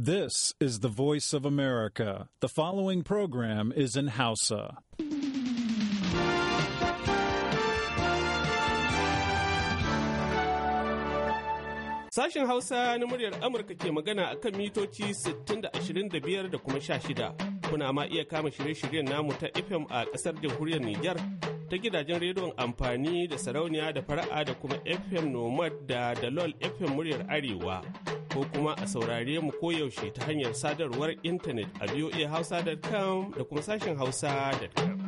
This is the voice of America. The following program is in Hausa. Sashen Hausa na muryar Amurka ke magana a kan mitoci 60 da 25 da kuma 16. Kuna ma iya kama shirye-shiryen namu ta FM a ƙasar jamhuriyar Nijar ta gidajen rediyon amfani da sarauniya da fara'a da kuma FM Nomad da Dalol FM muryar Arewa. ko kuma a saurare mu koyaushe ta hanyar sadarwar intanet a voahausa.com da kuma sashen hausa.com.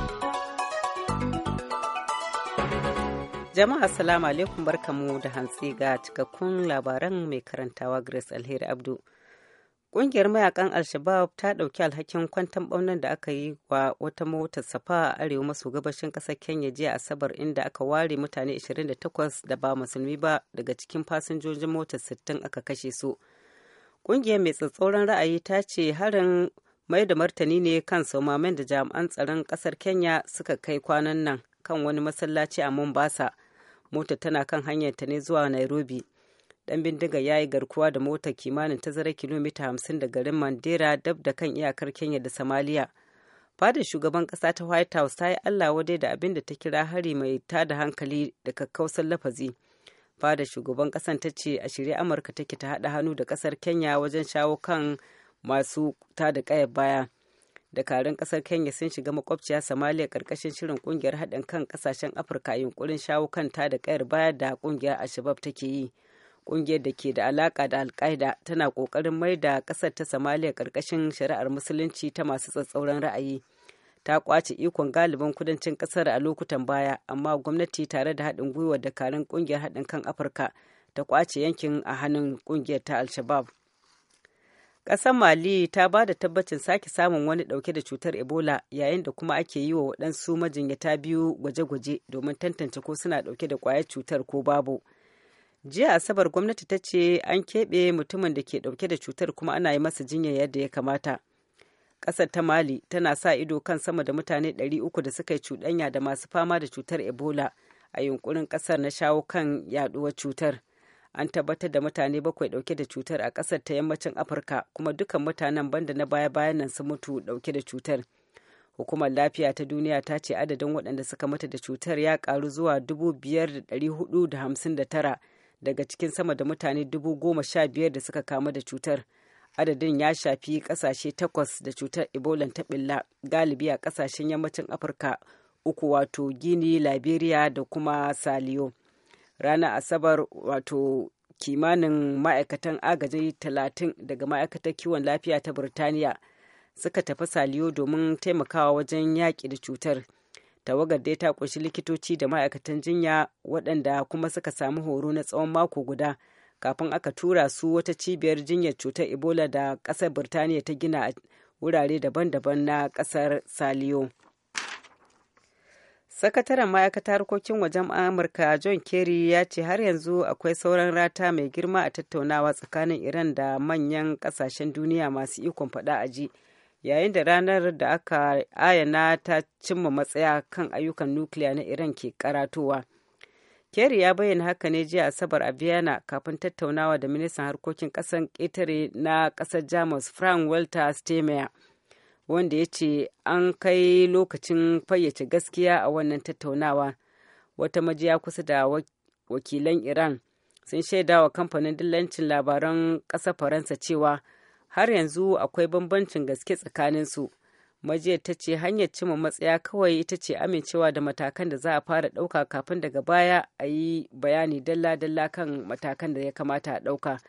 Jama'a salamu alaikum barkamu da hantsi ga cikakkun labaran mai karantawa Grace Alheri Abdu. Ƙungiyar mayakan Alshabab ta ɗauki alhakin kwantan baunan da aka yi wa wata motar safa a arewa maso gabashin kasar Kenya jiya Asabar inda aka ware mutane 28 da ba musulmi ba daga cikin fasinjojin motar 60 aka kashe su. Ƙungiyar mai tsatsauran ra'ayi ta ce harin mai da martani ne kan somamen da jami'an tsaron ƙasar Kenya suka kai kwanan nan kan wani masallaci a Mombasa mota tana kan hanyar ta ne zuwa nairobi dan bindiga ya yi garkuwa da motar kimanin tazarar kilomita hamsin da garin mandera dab da kan iyakar kenya da somalia fadar shugaban kasa ta white house ta yi allah wadai da abin da ta kira hari mai tada hankali da kakkausan lafazi fadar shugaban kasan ta ce a shirye amurka take ta haɗa hannu da kasar kenya wajen shawo kan masu da kayar baya dakarun kasar kenya sun shiga makwabciya somalia karkashin shirin kungiyar haɗin kan kasashen afirka yunkurin shawo kanta da kayar baya da kungiyar ashabab take yi kungiyar da ke da alaka da alkaida tana kokarin mai da kasar ta somalia karkashin shari'ar musulunci ta masu tsatsauran ra'ayi ta kwace ikon galibin kudancin kasar a lokutan baya amma gwamnati tare da haɗin gwiwar dakarun kungiyar haɗin kan afirka ta kwace yankin a hannun kungiyar ta al-shabab ƙasar mali ta ba da tabbacin sake samun wani ɗauke da cutar ebola yayin da kuma ake yi wa waɗansu majinyata biyu gwaje-gwaje domin tantance ko suna ɗauke da ƙwayar cutar ko babu jiya asabar gwamnati ta ce an keɓe mutumin da ke ɗauke da cutar kuma ana yi masa jinya yadda ya kamata ƙasar ta mali tana sa ido kan sama da mutane ɗari uku da suka yi cuɗanya da masu fama da cutar ebola a yunkurin ƙasar na shawo kan yaɗuwar cutar an tabbatar da mutane bakwai dauke da cutar a kasar ta yammacin afirka kuma dukkan mutanen banda na baya bayan nan sun mutu dauke da cutar hukumar lafiya ta duniya ta ce adadin waɗanda suka mutu da cutar ya karu zuwa da da da hudu hamsin tara daga cikin sama da mutane dubu goma sha biyar da suka kamu da cutar adadin ya shafi kasashe takwas da cutar ebola ta ɓilla galibi a kasashen yammacin afirka uku wato gini liberia da kuma saliyo ranar asabar wato kimanin ma'aikatan agaji talatin daga ma'aikatar kiwon lafiya ta birtaniya suka tafi saliyo domin taimakawa wajen yaƙi da cutar tawagar dai ta ƙunshi likitoci da ma'aikatan jinya waɗanda kuma suka samu horo na tsawon mako guda kafin aka tura su wata cibiyar jinyar cutar ebola da ƙasar birtaniya ta gina a wurare daban-daban na ƙasar saliyo sakataren ma'aikatar harkokin wajen amurka john kerry ya ce har yanzu akwai sauran rata mai girma a tattaunawa tsakanin iran da manyan kasashen duniya masu ikon fada a ji yayin da ranar da aka ayana ta cimma matsaya kan ayyukan nukiliya na iran ke karatowa kerry ya bayyana haka ne jiya asabar a vienna kafin tattaunawa da ministan harkokin ƙasan ƙetare na ƙasar jamus frank walter steinmeier wanda ya ce an kai lokacin fayyace gaskiya a wannan tattaunawa wata majiya kusa da wakilan iran sun shaidawa kamfanin dillancin labaran kasa faransa cewa har yanzu akwai bambancin gaske tsakaninsu majiyar ta ce hanyar cimma matsaya kawai ita ce amincewa da matakan da za a fara ɗauka kafin daga baya a yi bayani dalla-dalla kan matakan da ya kamata a ɗauka.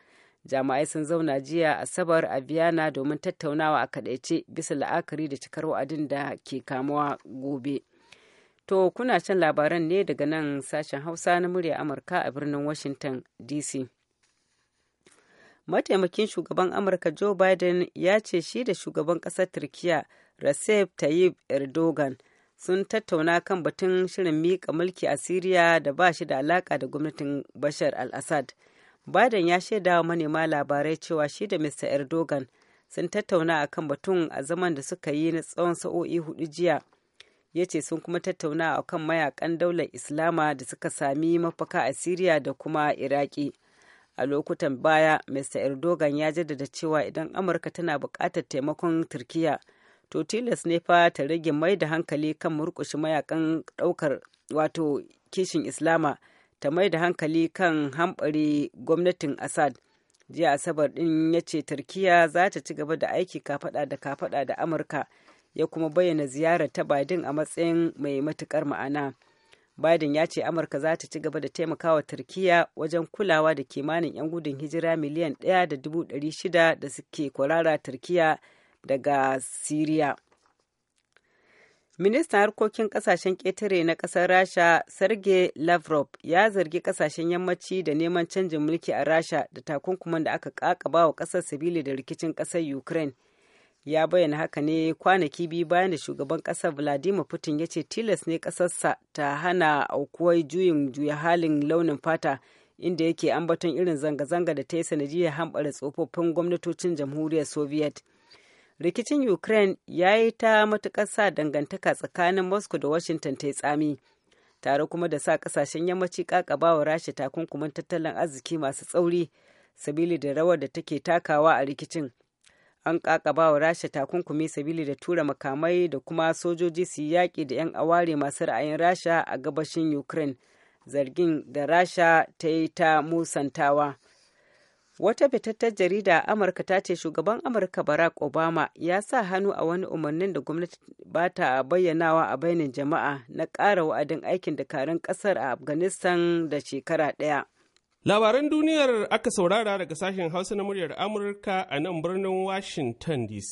jama'ai sun zauna jiya asabar a biyana domin tattaunawa a kadaice bisa la'akari da cikar wa'adin da ke kamuwa gobe. To kuna shan labaran ne daga nan sashen Hausa na murya Amurka a birnin Washington DC. Mataimakin shugaban Amurka Joe Biden ya ce shi da shugaban kasar turkiya Recep Tayyip Erdogan sun tattauna kan batun shirin miƙa mulki a syria da ba shi da alaƙa da gwamnatin Bashar al-Assad. Biden ya shaida wa manema labarai cewa shi da Mr. Erdogan sun tattauna a kan batun a zaman da suka yi na tsawon sa'o'i hudu jiya. Ya ce sun kuma tattauna a kan mayakan daular Islama da suka sami mafaka a Siriya da kuma Iraki. A lokutan baya, Mr. Erdogan ya jaddada cewa idan Amurka tana buƙatar taimakon Turkiyya, to tilas ne fa ta rage mai da hankali kan murƙushe mayakan ɗaukar wato kishin Islama. ta mai da hankali kan hambare gwamnatin Assad. Jiya Asabar ɗin ya ce Turkiya za ta ci gaba da aiki kafaɗa da kafaɗa da Amurka ya kuma bayyana ziyarar ta Biden a matsayin mai matukar ma'ana. Biden ya ce Amurka za ta ci gaba da taimakawa Turkiya wajen kulawa da kimanin 'yan gudun hijira miliyan 1.600 da suke kwarara Turkiya daga Siriya. Ministan harkokin kasashen ƙetare na ƙasar Rasha, Sergei Lavrov, ya zargi kasashen yammaci da neman canjin mulki a Rasha da takunkuman da aka ba wa ƙasar Sibili da rikicin ƙasar Ukraine. Ya bayyana haka ne kwanaki biyu bayan da shugaban ƙasar Vladimir Putin ya ce tilas ne ƙasarsa ta hana aukuwar juyin juya halin launin fata inda yake ambaton irin zanga-zanga da ta yi sanadiyar hambara tsofaffin gwamnatocin jamhuriyar Soviet. rikicin ukraine ya yi ta matuƙar sa dangantaka tsakanin moscow da washington ta yi tsami tare kuma da sa ƙasashen yammaci ƙaƙabawa rasha takunkumin tattalin arziki masu tsauri sabili da rawar da take takawa a rikicin an ƙaƙabawa rasha takunkumi sabili da tura makamai da kuma sojoji su yi yaƙi da 'yan aware masu ra'ayin rasha a gabashin ukraine zargin da rasha ta yi ta musantawa. wata fitattar jarida amurka ta ce shugaban amurka barack obama ya sa hannu a wani umarnin da gwamnati ba ta bayyanawa a bainin jama'a na ƙara wa'adin aikin dakarun ƙasar a afghanistan da shekara ɗaya labaran duniyar aka saurara daga sashen hausa na muryar amurka a nan birnin washington dc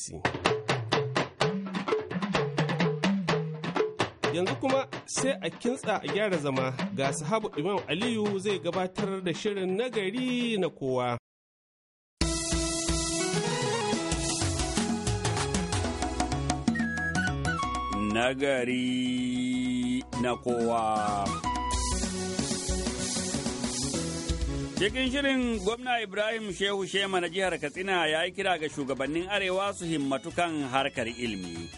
yanzu kuma sai a kintsa a gyara zama ga sahabu imam aliyu zai gabatar da shirin nagari na kowa nagari na kowa. Cikin shirin gwamna Ibrahim Shehu Shema na jihar Katsina ya yi kira ga shugabannin Arewa su himmatu kan harkar ilimi.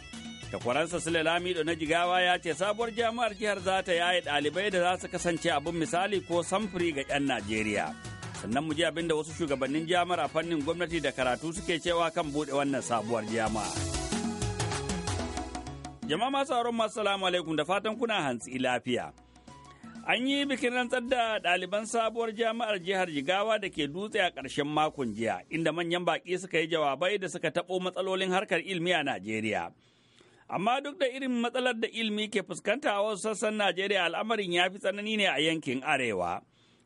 Takwaransa Sule Lamido na Jigawa ya ce sabuwar jami'ar jihar za ta yaye ɗalibai da za su kasance abin misali ko samfuri ga 'yan Najeriya. Sannan mu ji abin da wasu shugabannin jami'ar a fannin gwamnati da karatu suke cewa kan buɗe wannan sabuwar jami'a. Jama'a masu auren masu salamu alaikum da fatan kuna hantsi lafiya. An yi bikin rantsar da ɗaliban sabuwar jami'ar jihar Jigawa da ke dutse a ƙarshen makon jiya, inda manyan baƙi suka yi jawabai da suka taɓo matsalolin harkar ilmi a Najeriya. Amma duk da irin matsalar da ilmi ke fuskanta a wasu sassan Najeriya al'amarin ya fi tsanani ne a yankin Arewa.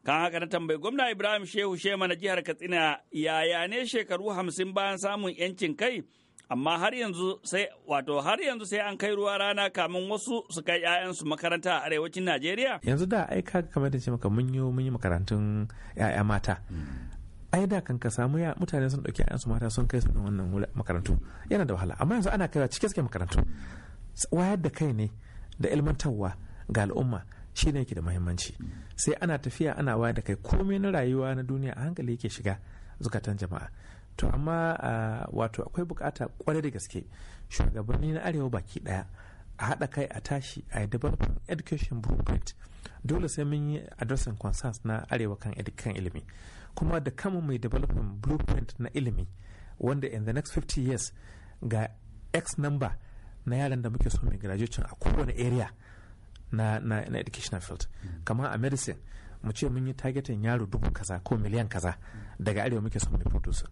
Kan haka na tambayi gwamna Ibrahim Shehu Shema na jihar Katsina yaya ne shekaru hamsin bayan samun 'yancin kai amma har yanzu sai wato har yanzu sai an kai ruwa rana kamin wasu su kai 'ya'yansu makaranta a arewacin najeriya yanzu da ai ka kamar da ce mun yi mun yi makarantun 'ya'ya mata ai da kan ka samu ya mutane sun dauki 'ya'yansu mata sun kai su wannan makarantu yana da wahala amma yanzu ana kaiwa cike suke makarantu wayar da kai ne da ilmantarwa ga al'umma shi ne yake da muhimmanci sai ana tafiya ana wayar da kai komai na rayuwa na duniya a hankali yake shiga zukatan jama'a to amma wato akwai bukata kwarai da gaske shugabanni na arewa baki daya a haɗa kai a tashi a developing education blueprint dole sai mun yi addressing concerns na arewa kan ilimi kuma da kama mai developing blueprint na ilimi wanda in the next 50 years ga x number na yaran da muke so mai graduation a kowane area na, na, na educational field mm. kamar a medicine mu ce mun yi targetin yaro dubu kaza ko miliyan kaza daga arewa muke son mai produce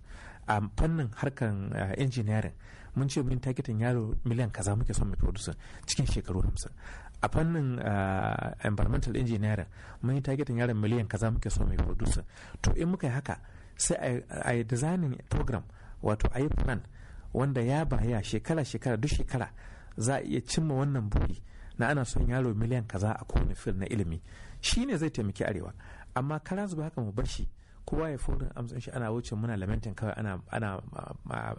a fannin harkan eh, engineering mun ce mun targetin yaro miliyan kaza muke son mai produce cikin shekaru 50 a fannin eh, environmental engineering mun yi targetin yaro miliyan kaza muke son mai produce to in muka yi haka sai a yi designing program wato a yi plan wanda ya baya shekara-shekara duk shekara za a iya cimma wannan buri na ana son yaro miliyan kaza a kowane fil na ilimi shi ne zai taimaki arewa amma kara zuba haka mu bar shi kowa ya forin amsan shi ana wuce muna lamentin kawai ana ana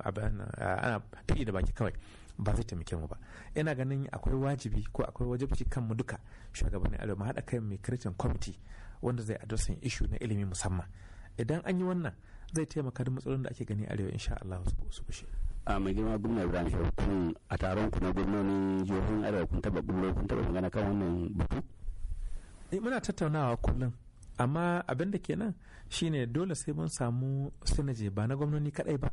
ana da baki kawai ba zai taimake mu ba ina ganin akwai wajibi ko akwai wajibci kanmu duka shugabannin arewa mu haɗa kai mai kiritin kwamiti wanda zai addressing ishu na ilimi musamman idan an yi wannan zai taimaka da matsalolin da ake gani arewa insha Allah su kushe. a mai girma gwamna ibrahim shehu a taron ku na gwamnonin jihohin arewa kun taba bullo kun taba magana kan wannan batu Eh, muna tattaunawa kullum amma abin da kenan shine dole sai mun samu sinaje ba na gwamnoni kadai ba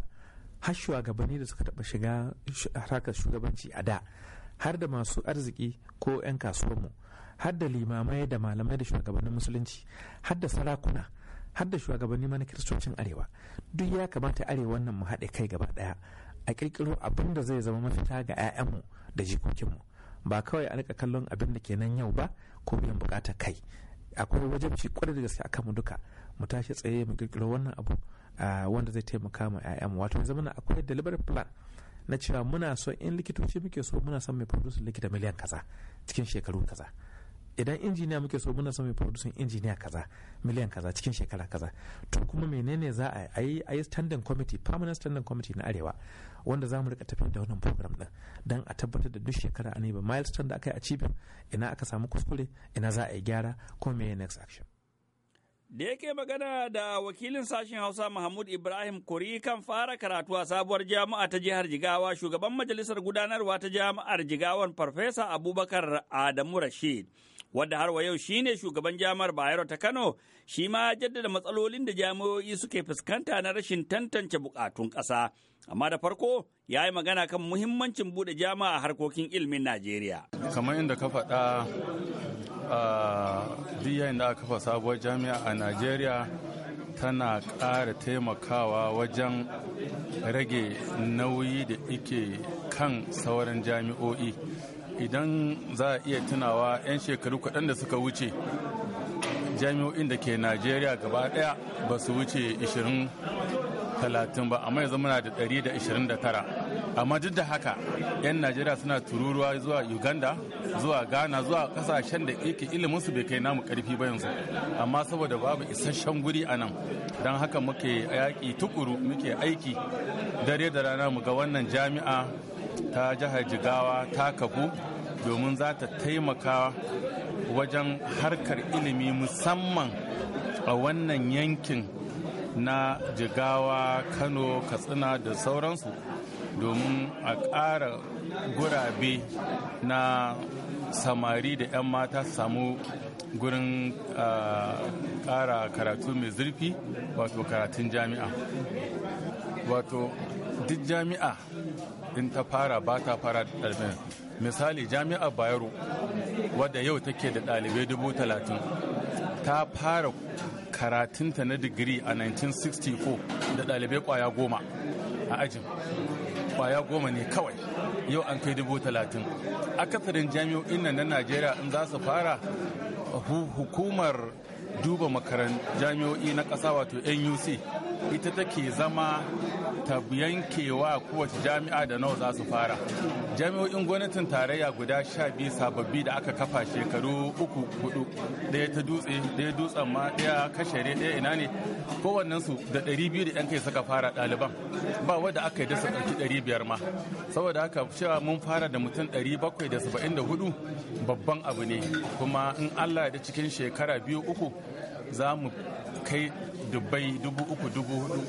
har shugabanni da suka taba shiga harkar shugabanci a da har da masu arziki ko 'yan mu har da limamai da malamai da shugabannin musulunci har da sarakuna har da shugabanni mana kiristocin arewa duk ya kamata arewa nan mu haɗe kai gaba ɗaya a ƙirƙiro abin da zai zama mafita ga 'ya'yanmu da jikokinmu ba kawai a rika kallon abin da ke nan yau ba ko biyan bukatar kai akwai wajabci kwarai da gaske a kanmu duka mu tashi tsaye mu kirkiro wannan abu wanda zai taimaka ma 'ya'yanmu wato ya zamana akwai deliberate plan na cewa muna so in likitoci muke so muna son mai produce likita miliyan kaza cikin shekaru kaza idan injiniya muke so muna son mai produce injiniya kaza miliyan kaza cikin shekara kaza to kuma menene za a yi a yi standing committee permanent standing committee na arewa wanda za mu rika tafiyar da wannan program din don a tabbatar da duk shekara a ba milestone da aka yi ina aka samu kuskure ina za a yi gyara ko me next action da yake magana da wakilin sashen hausa mahmud ibrahim kuri kan fara karatu a sabuwar jami'a ta jihar jigawa shugaban majalisar gudanarwa ta jami'ar jigawan farfesa abubakar adamu rashid wadda har wa yau shine shugaban jami'ar Bayero ta Kano, shi ma jaddada matsalolin da jami'o'i suke fuskanta na rashin tantance bukatun ƙasa. Amma da farko ya yi magana kan muhimmancin buɗe jami'a a harkokin ilmin Najeriya. Kamar inda ka faɗa duk yayin da aka kafa sabuwar jami'a a Najeriya tana ƙara taimakawa wajen rage nauyi da ike kan sauran jami'o'i. idan za a iya tunawa 'yan shekaru kaɗan da suka wuce jami'o'in da ke najeriya gaba ɗaya ba su wuce 20 talatin ba amma yanzu muna da 129 amma duk da haka 'yan najeriya suna tururuwa zuwa uganda zuwa ghana zuwa kasashen da ilimin iliminsu bai kai namu karfi ba yanzu amma saboda babu isasshen guri a nan don haka muke yaƙi tukuru muke aiki dare da rana mu ga wannan jami'a ta jihar jigawa ta kafu domin za ta taimaka wajen harkar ilimi musamman a wannan yankin na jigawa kano katsina da sauransu domin a ƙara gurabe na samari da 'yan mata samu gurin ƙara karatu mai zurfi wato karatun jami'a wato duk jami'a in ta fara ba ta fara ɗalibin misali jami'ar bayero wadda yau take da ɗalibai dubu talatin ta fara karatunta na digiri a 1964 da ɗalibai ƙwaya goma a ajin ƙwaya goma ne kawai yau an kai dubu talatin akasarin jami'o'in nan na najeriya in za su fara hukumar duba makaran jami'o'i na ƙasa wato nuc ita take zama ta yankewa kowace jami'a da nawa za su fara jami'o'in gwamnatin tarayya guda sha biyu sababbi da aka kafa shekaru uku hudu ɗaya ta dutse ɗaya dutsen ma ɗaya kashere ɗaya ina ne kowannen su da ɗari biyu da yan kai suka fara ɗaliban ba wadda aka yi da su ɗauki ɗari biyar ma saboda haka cewa mun fara da mutum ɗari bakwai da saba'in da hudu babban abu ne kuma in allah da cikin shekara biyu uku za mu kai dubbai dubu uku dubu hudu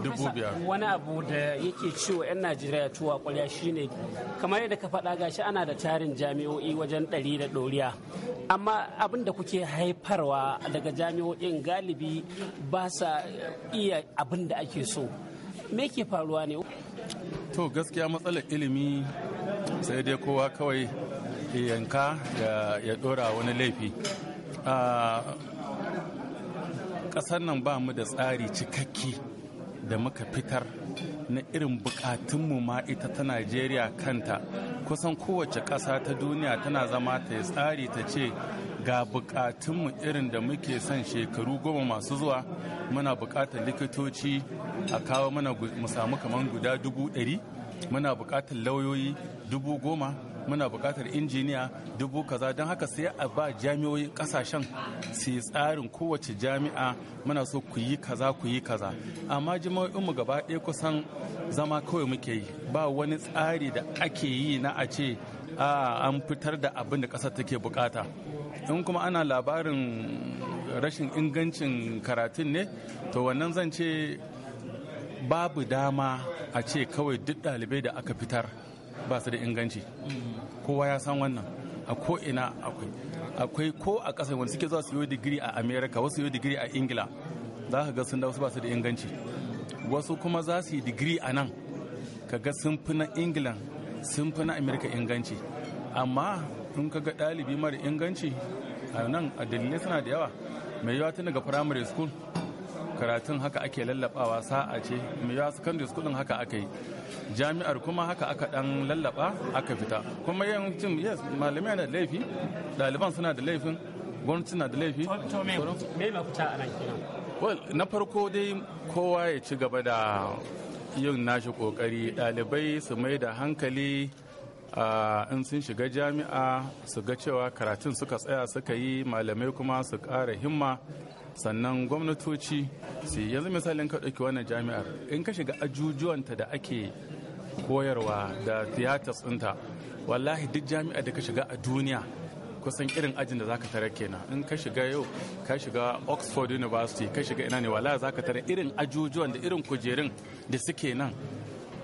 dubu biyar wani abu da yake ciwo yan najeriya tuwa kwarya ne, kamar yadda ka faɗa gashi ana da tarin jami'o'i wajen ɗari da ɗoriya amma abin da kuke haifarwa daga jami'o'in galibi ba sa iya abin da ake so me ke faruwa ne to gaskiya matsalar ilimi sai dai kowa kawai yanka ya dora wani laifi ah, ƙasar nan ba mu da tsari cikakke da muka fitar na irin bukatunmu ma ita ta najeriya kanta kusan kowace ƙasa ta duniya tana zama ta yi tsari ta ce ga bukatunmu irin da muke son shekaru goma masu zuwa muna bukatar likitoci a kawo mana mu samu kamar guda dubu ɗari muna bukatar lauyoyi dubu goma muna bukatar injiniya dubu kaza don haka sai a ba jami'oyi ƙasashen su yi tsarin kowace jami'a muna so ku yi kaza ku yi kaza amma mu gaba ɗaya kusan zama kawai muke yi ba wani tsari da ake yi na a ce a an fitar da abin da ƙasar take bukata in kuma ana labarin rashin ingancin karatun ne to wannan zan ce babu dama a ce kawai duk ɗalibai da aka fitar ba su da inganci kowa ya san wannan a ko ina akwai akwai ko a kasar wani suke zuwa su yi digiri a america wasu yi digiri a ingila za ka ga sun da wasu ba su da inganci wasu kuma za su yi digiri a nan ka ga sun fi na ingila sun fi na america inganci amma in ka ga ɗalibi mara inganci a nan a dalilai suna da yawa mai yawa tun daga primary school karatun haka ake lallabawa sa'a ce mai yawa secondary school din haka aka yi jami'ar kuma haka aka dan lallaba aka fita kuma cin, yes malamai na da laifi ɗaliban suna da laifin gwamnati na da laifi me mafita a nan well na farko dai kowa ya ci gaba da yin nashi kokari ɗalibai su mai da hankali in sun shiga jami'a su ga cewa karatun suka tsaya suka yi malamai kuma su ƙara himma sannan gwamnatoci su yanzu misalin ka ɗauki wannan jami'ar in ka shiga ajujuwanta da ake koyarwa da theaters ɗinta wallahi duk jami'ar da ka shiga a duniya kusan irin ajin da zaka tare kenan in ka shiga yau ka shiga oxford university ka shiga ina ne wallahi zaka tare irin ajujuwan da irin kujerun da suke nan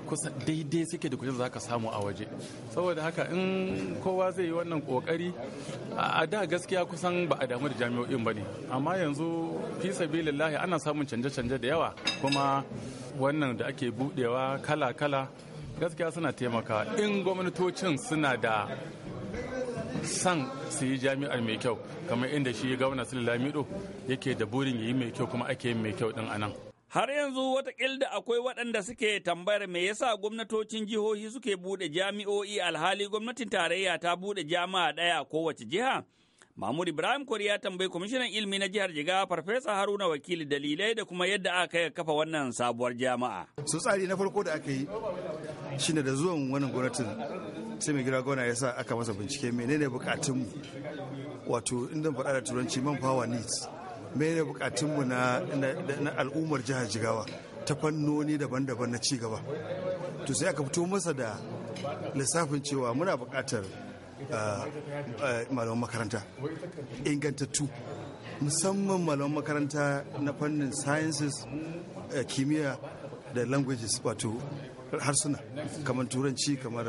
kusan daidai suke da kuɗin za ka samu a waje saboda haka in kowa zai yi wannan kokari a da gaskiya kusan ba a damu da jami'o'in ba ne amma yanzu fi sabilillahi ana samun canje-canje da yawa kuma wannan da ake budewa kala-kala gaskiya suna taimaka in gwamnatocin suna da san su yi jami'ar mai kyau kamar inda shi gwamna sulilamido yake da burin yi mai kyau kuma ake yin mai kyau din anan Har yanzu watakilda akwai waɗanda suke tambayar me yasa gwamnatocin jihohi suke buɗe jami'o'i alhali gwamnatin tarayya ta buɗe jami'a ɗaya kowace jiha. Mahmud Ibrahim Kori ya tambayi kwamishinan ilimi na jihar Jigawa Farfesa Haruna Wakili dalilai da kuma yadda aka kafa wannan sabuwar jama'a. Su tsari na farko da aka yi shine da zuwan wannan gwamnatin sai mai gida gona ya sa aka masa bincike menene bukatun wato inda faɗa da turanci man power needs mene bukatunmu na al'ummar jihar jigawa ta fannoni daban-daban na cigaba to sai aka fito masa da lissafin cewa muna bukatar ah, ah, malaman makaranta ingantattu musamman malaman makaranta na fannin sciences eh, kimiyya da languages wato harsuna kamar turanci kamar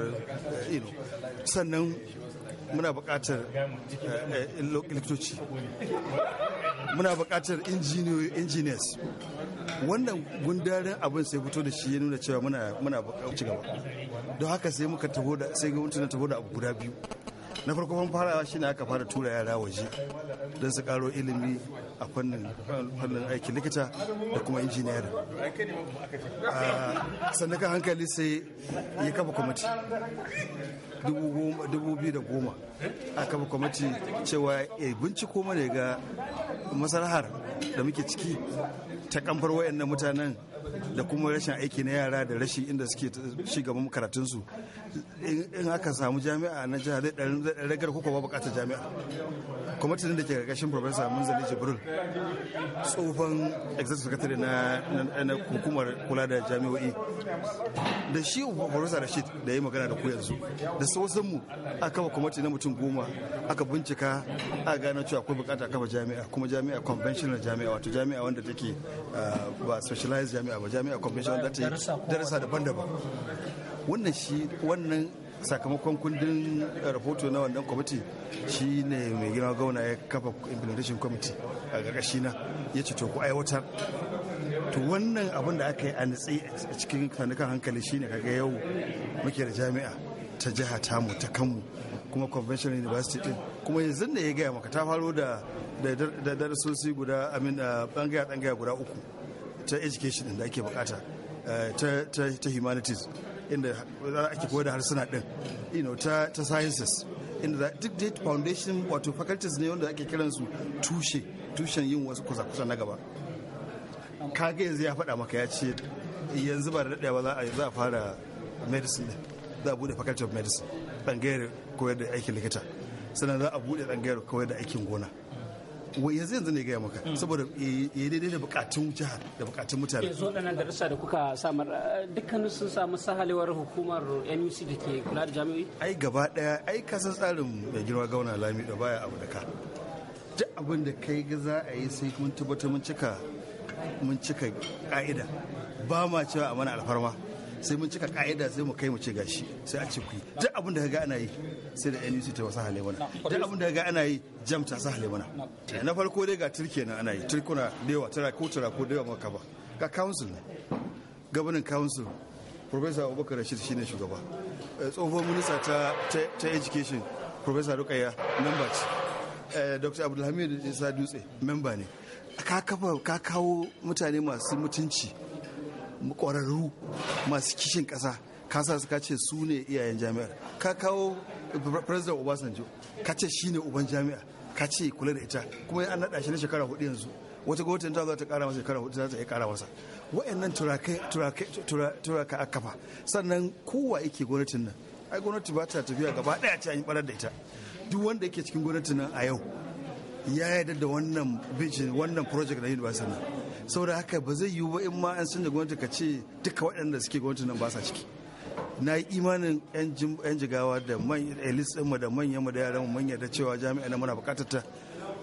ino eh, sannan muna buƙatar eh, likitoci muna buƙatar engineers wannan gundarin abin sai fito da shi ya nuna cewa muna muna ci gaba don haka sai muka taho da sai gwamnati na taho da abu guda biyu na farko farawa shine aka fara tura yara waje don su karo ilimi a fannin aikin likita da kuma injiniyar ah, sannan hankali sai ya kafa kwamiti dubu da goma a kafa kwamiti cewa ya binciko mana ga masarahar da muke ciki ta kamfar wayannan mutanen da kuma rashin aiki na yara da rashin inda suke shigaban karatunsu in aka samu jami'a na jihar zai ɗan ragar kuka ba bukatar jami'a tunan da ke ƙarƙashin profesa munzali jibril tsohon executive secretary na hukumar kula da jami'o'i da shi profesa rashid da ya magana da ku yanzu da sausan mu aka kafa kwamiti na mutum goma aka bincika a gano cewa akwai bukata kafa jami'a kuma jami'a conventional jami'a wato jami'a wanda take ah, ba specialized jami'a ba jami'a conventional da ta darasa daban-daban wannan shi wannan sakamakon kundin eh, rahoto na wannan kwamiti shi ne mai gina gauna ya kafa implementation kwamiti a gargashi na ya ce to ku aiwatar to wannan abin da aka yi a nitsi a cikin kanukan hankali shine kaga yau muke da jami'a ta jiha tamu ta kanmu kuma convention university din kuma yanzu ne ya gaya maka ta faro da da darasosi guda amin eh, bangaya bangaya guda uku ta education da ake bukata eh, ta humanities inda za a ke koyar da harsuna din you know, ta, ta sciences inda duk dai foundation wato faculties ne wanda ake su tushe tushen yin wasu kusa-kusa na gaba kage yanzu ya faɗa maka ya ce yanzu ba da daɗewa ba za a fara medicine za a bude faculty of medicine bangare koyar da aikin likita sannan za a bude bangare koyar da aikin gona wai yanzu yanzu ne gaya maka saboda ya eh, eh, daidai da bukatun jihar da bukatun mutane yanzu waɗannan darussa da kuka samar eh, dukkanin sun samu sahalewar hukumar nuc da ke kula da jami'i ai gaba ɗaya ai kasan tsarin mai girma gauna lami da baya abu da ka duk abin da kai ga za a yi sai mun tabbatar mun cika mun cika ka'ida ba ma cewa a mana alfarma sai mun cika ka'ida sai mu kai mu ce gashi sai a ce ku duk abin da ga ana yi sai da NUC ta wasa hale mana duk abin da ga ana yi jam ta sa hale mana eh, na farko dai ga turke nan ana yi turkuna da yawa tara ko tara ko da yawa maka ba ga council ne governing council professor Abubakar Rashid shine shugaba eh, tsohon minista ta ta education professor Rukaya member ce eh, Dr. Abdulhamid Isa Dutse member ne ka kafa ka kawo mutane masu mutunci ƙwararru masu kishin kasa. ka sa suka ce su ne iyayen jami'ar ka kawo president obasanjo ka ce shi ne uban jami'a ka ce kula da ita kuma an naɗa shi na shekara hudu yanzu wata gwamnatin ta za ta kara masa shekara hudu za ta iya kara masa wa'annan turaka a kafa sannan kowa yake gwamnatin nan ai gwamnati ba ta tafiya gaba daya ce an yi barar da ita duk wanda yake cikin gwamnatin nan a yau ya yarda da wannan bijin wannan project na university nan saboda haka ba zai yiwu ba in ma an sanya gwamnati ka ce duka waɗanda suke gwamnati nan ba sa ciki na yi imanin yan jigawa da man elis eh, da manyan mu da yaran mu manya da cewa jami'a na muna buƙatar ta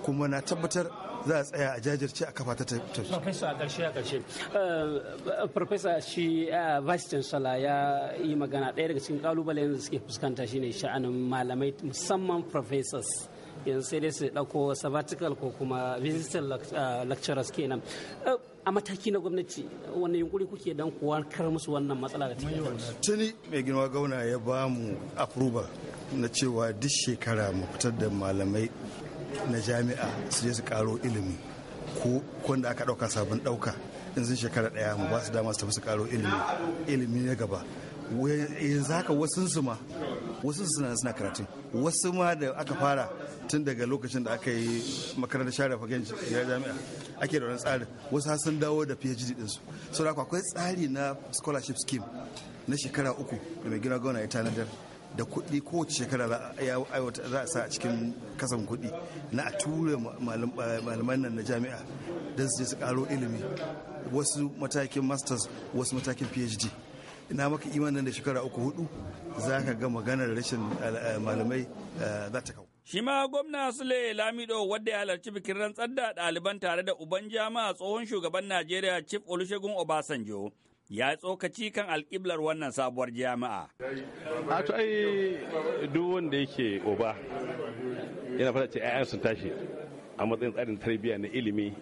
kuma na tabbatar za a tsaya a jajirce a kafa ta tafi. Profesa a ƙarshe a ƙarshe. Eh, shi eh, Vice Chancellor ya yi magana ɗaya daga cikin ƙalubalen da suke fuskanta shi ne sha'anin malamai musamman professors. yanzu sai dai su ɗauko sabbatical ko kuma visitor uh, lecturers kenan uh, a mataki na gwamnati wannan yunkuri kuke dan kuwa kar musu wannan matsala da take tuni mai girma gauna ya ba mu approval na cewa duk shekara mu fitar da malamai na jami'a su je su karo ilimi ko wanda aka ɗauka sabon ɗauka in shekara daya mu ba su dama su tafi su karo ilimi ilimi na gaba yanzu haka wasu su ma wasu suna suna karatu wasu ma da aka fara tun daga lokacin da aka yi makarantar share fagen jami'a ake da wani tsarin wasu sun dawo da phd su da akwai tsari na scholarship scheme na shekara uku da mai gina gauna ya tanadar da kuɗi kowace shekara za a sa a cikin kasan kuɗi na a tura malaman nan na jami'a don su je su ƙaro ilimi wasu matakin masters wasu matakin phd ina maka imanin da shekara uku hudu za ka ga maganar rashin eh, malamai eh, za ta kawo. Shi ma gwamna Sule Lamido wadda ya halarci bikin rantsar da ɗaliban tare da uban jama'a tsohon shugaban Najeriya Chief Olusegun Obasanjo ya tsokaci kan alƙiblar wannan sabuwar jami'a. A to ai duk wanda yake oba yana fata ce 'ya'yan sun tashi a matsayin tsarin tarbiyya na ilimi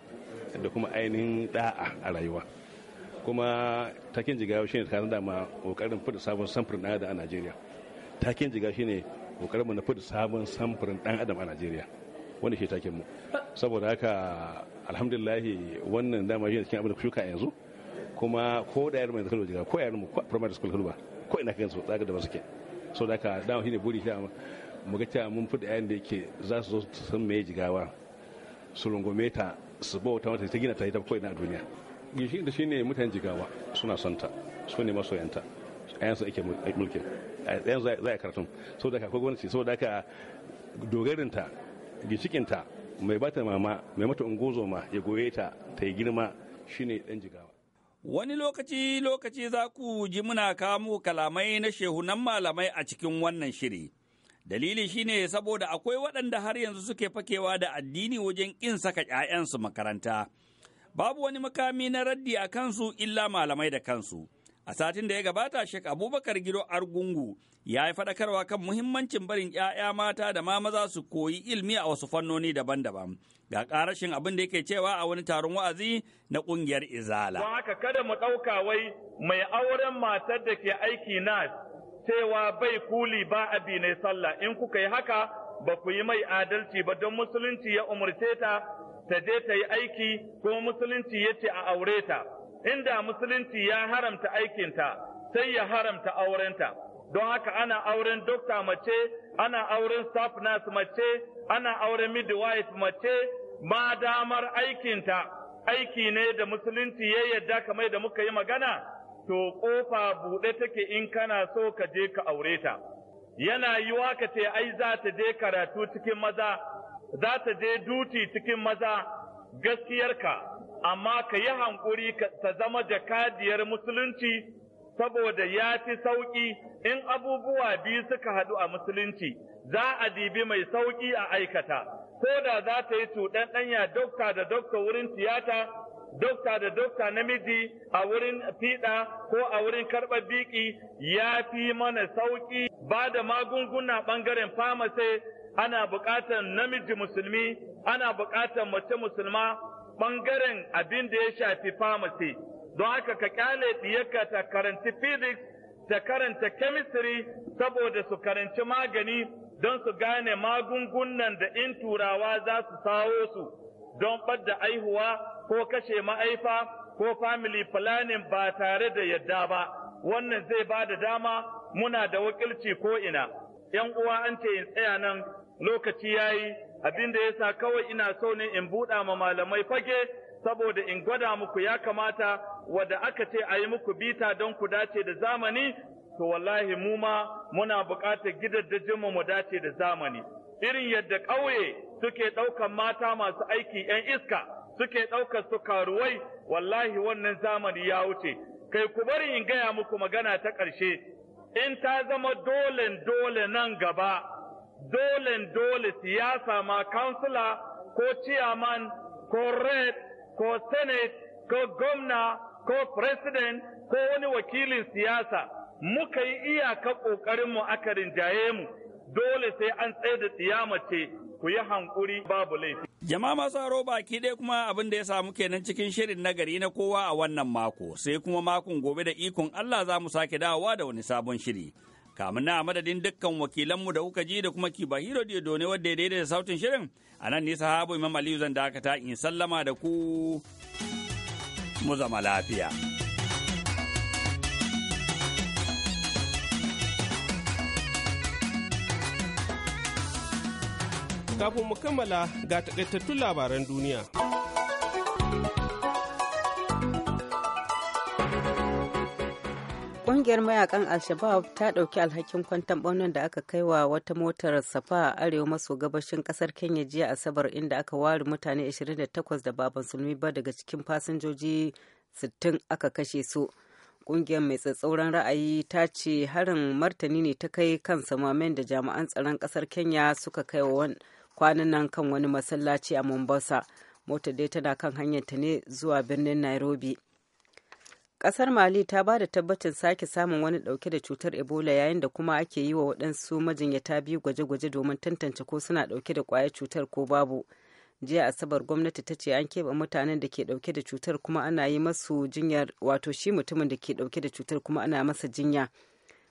da kuma ainihin da'a a rayuwa. kuma takin jigawa ne tare da ma kokarin fita sabon samfurin dan adam a Najeriya takin jigawa ne kokarin mu na fita sabon samfurin dan adam a Najeriya wanda shi takin mu saboda haka alhamdulillah wannan dama ne cikin abin da shuka yanzu kuma ko da yarmu mai kallo jigawa ko yarmu mu ko primary school kalba ko ina kan su zaka da ba suke so da haka dama ne buri ta mu ga cewa mun fita yayin da yake za su zo su san me jigawa su rungume ta su bauta wata ta gina ta yi ta ko ina a duniya gishin da shi ne mutanen jigawa suna santa su ne masoyanta ayan su ake mulkin ayan za a karatun saboda ka gwamnati saboda ka dogarinta ginshikinta mai bata mama mai mata ungozoma ya goye ta ta yi girma ne dan jigawa Wani lokaci lokaci za ku ji muna kamo kalamai na shehunan malamai a cikin wannan shiri. Dalili shine saboda akwai waɗanda har yanzu suke fakewa da addini wajen ƙin saka ‘ya'yansu makaranta. babu wani makami na raddi a kansu illa malamai da kansu. A satin da ya gabata Sheikh Abubakar Gido Argungu ya yi faɗakarwa kan muhimmancin barin ‘ya'ya mata da ma maza su koyi ilmi a wasu fannoni daban-daban. Ga ƙarashin abin da yake cewa a wani taron wa'azi na ƙungiyar Izala. Don haka kada mu ɗauka wai mai auren matar da ke aiki na cewa bai kuli ba abi ne sallah in kuka yi haka ba ku yi mai adalci ba don musulunci ya umarce ta ta je ta yi aiki kuma musulunci ya ce a aure ta inda musulunci ya haramta aikinta sai ya haramta aurenta don haka ana auren dokta mace ana auren staff nurse mace ana auren midwife mace ma damar aikinta aiki ne da musulunci ya yadda kamar da muka yi magana to kofa buɗe take in kana so ka je ka aure ta yana yiwa ka ce ai za ta je karatu cikin maza za ta je duti cikin maza gaskiyarka amma ka yi hankuri ta zama jakadiyar musulunci saboda ya fi sauƙi in abubuwa biyu suka haɗu a musulunci za a dibi mai sauƙi a aikata ko da za ta yi cuɗanɗanya dokta da dokta wurin tiyata dokta da dokta namiji a wurin fiɗa ko a wurin karɓar biki ya fi mana sauƙi ba da magunguna ɓangaren famase ana buƙatar namiji musulmi ana buƙatar mace musulma ɓangaren abin da ya shafi famasi don haka ka kyale ɗiyarka ta karanci physics ta karanta chemistry saboda su karanci magani don su gane magungunan da in turawa za su sawo su don ɓadda aihuwa ko kashe ma'aifa ko family planning ba tare da yadda ba wannan zai ba da dama muna da wakilci ko ina. ‘Yan uwa an ce in tsaya nan lokaci ya yi, abin da ya sa kawai ina so ne in buɗa ma malamai fage saboda in gwada muku ya kamata wadda aka ce a yi muku bita don ku dace da zamani to wallahi mu ma muna buƙatar gidajen mu dace da zamani irin yadda ƙauye suke ɗaukar mata masu aiki 'yan iska suke ɗaukar su karuwai wallahi wannan zamani ya wuce kai ku bari in gaya muku magana ta ƙarshe in ta zama dole dole nan gaba dole dole siyasa ma kansila ko ciyaman ko red ko senate ko gwamna ko president ko wani wakilin siyasa muka yi iyaka ƙoƙarinmu aka rinjaye mu dole sai an tsaye da mace ku yi hankuri babu laifi. Jama'a masu haro baki ɗaya kuma abin da ya samu kenan cikin shirin nagari na kowa a wannan mako sai kuma makon gobe da ikon Allah za mu sake dawowa da wani sabon shiri. kamun na madadin dukkan wakilanmu da kuka ji da kuma kiba hiro da ne wadda ya daidaita sautin shirin a nan nisa habu imam aliyu zan dakata in sallama da ku mu zama lafiya. Kafin mu kammala ga takaitattun labaran duniya. Ƙungiyar mayakan Al-Shabaab ta ɗauki alhakin kwantan ɓaunin da aka kai wa wata motar safa a arewa maso gabashin ƙasar Kenya jiya Asabar inda aka ware mutane 28 da baban musulmi ba daga cikin fasinjoji 60 aka kashe su. Ƙungiyar mai tsatsauran ra'ayi ta ce harin martani ne ta kai kan samamen da jami'an tsaron ƙasar Kenya suka kai wa kwanan nan kan wani masallaci a Mombasa. Motar dai tana kan hanyarta ne zuwa birnin Nairobi. kasar mali ta ba da tabbacin sake samun wani dauke da cutar ebola yayin da kuma ake yi wa waɗansu majinyata biyu gwaje-gwaje domin tantance ko suna dauke da kwayar cutar ko babu jiya asabar gwamnati ta ce an keɓe mutanen da ke dauke da cutar kuma ana yi masu jinyar wato shi mutumin da ke dauke da cutar kuma ana masa jinya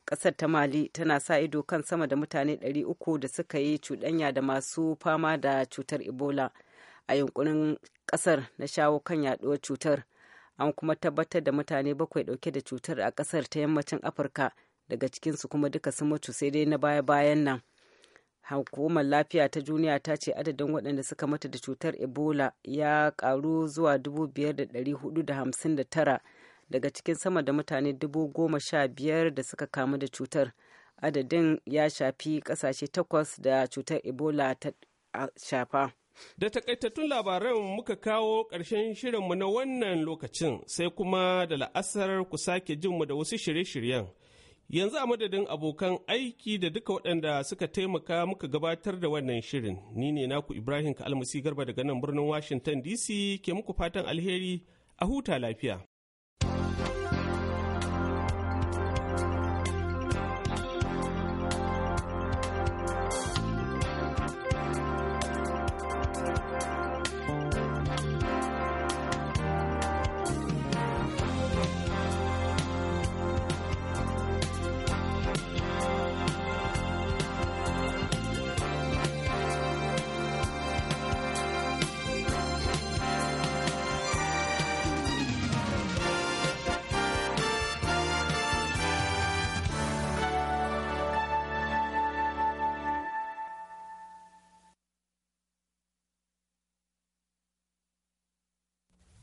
kasar ta mali tana sa ido kan sama da mutane 300 da suka yi cuɗanya da masu fama da cutar ebola a yunkurin kasar na shawo kan yaɗuwar cutar an kuma tabbatar da mutane bakwai dauke da cutar a kasar ta yammacin afirka daga cikinsu kuma duka sun mutu sai dai na baya-bayan nan hukumar lafiya ta duniya ta ce adadin waɗanda suka mutu da cutar ebola ya karu zuwa 5,459 daga cikin sama da mutane 15,000 da suka kamu da cutar adadin ya shafi ƙasashe takwas da cutar ebola ta shafa Da takaitattun labaran muka kawo ƙarshen shirinmu na wannan lokacin sai kuma da la'asar ku sake jinmu da wasu shirye-shiryen. Yanzu a madadin abokan aiki da duka waɗanda suka taimaka muka gabatar da wannan shirin, ni ne naku Ibrahim Kalmasi Garba daga nan birnin Washington DC ke muku fatan alheri a huta lafiya.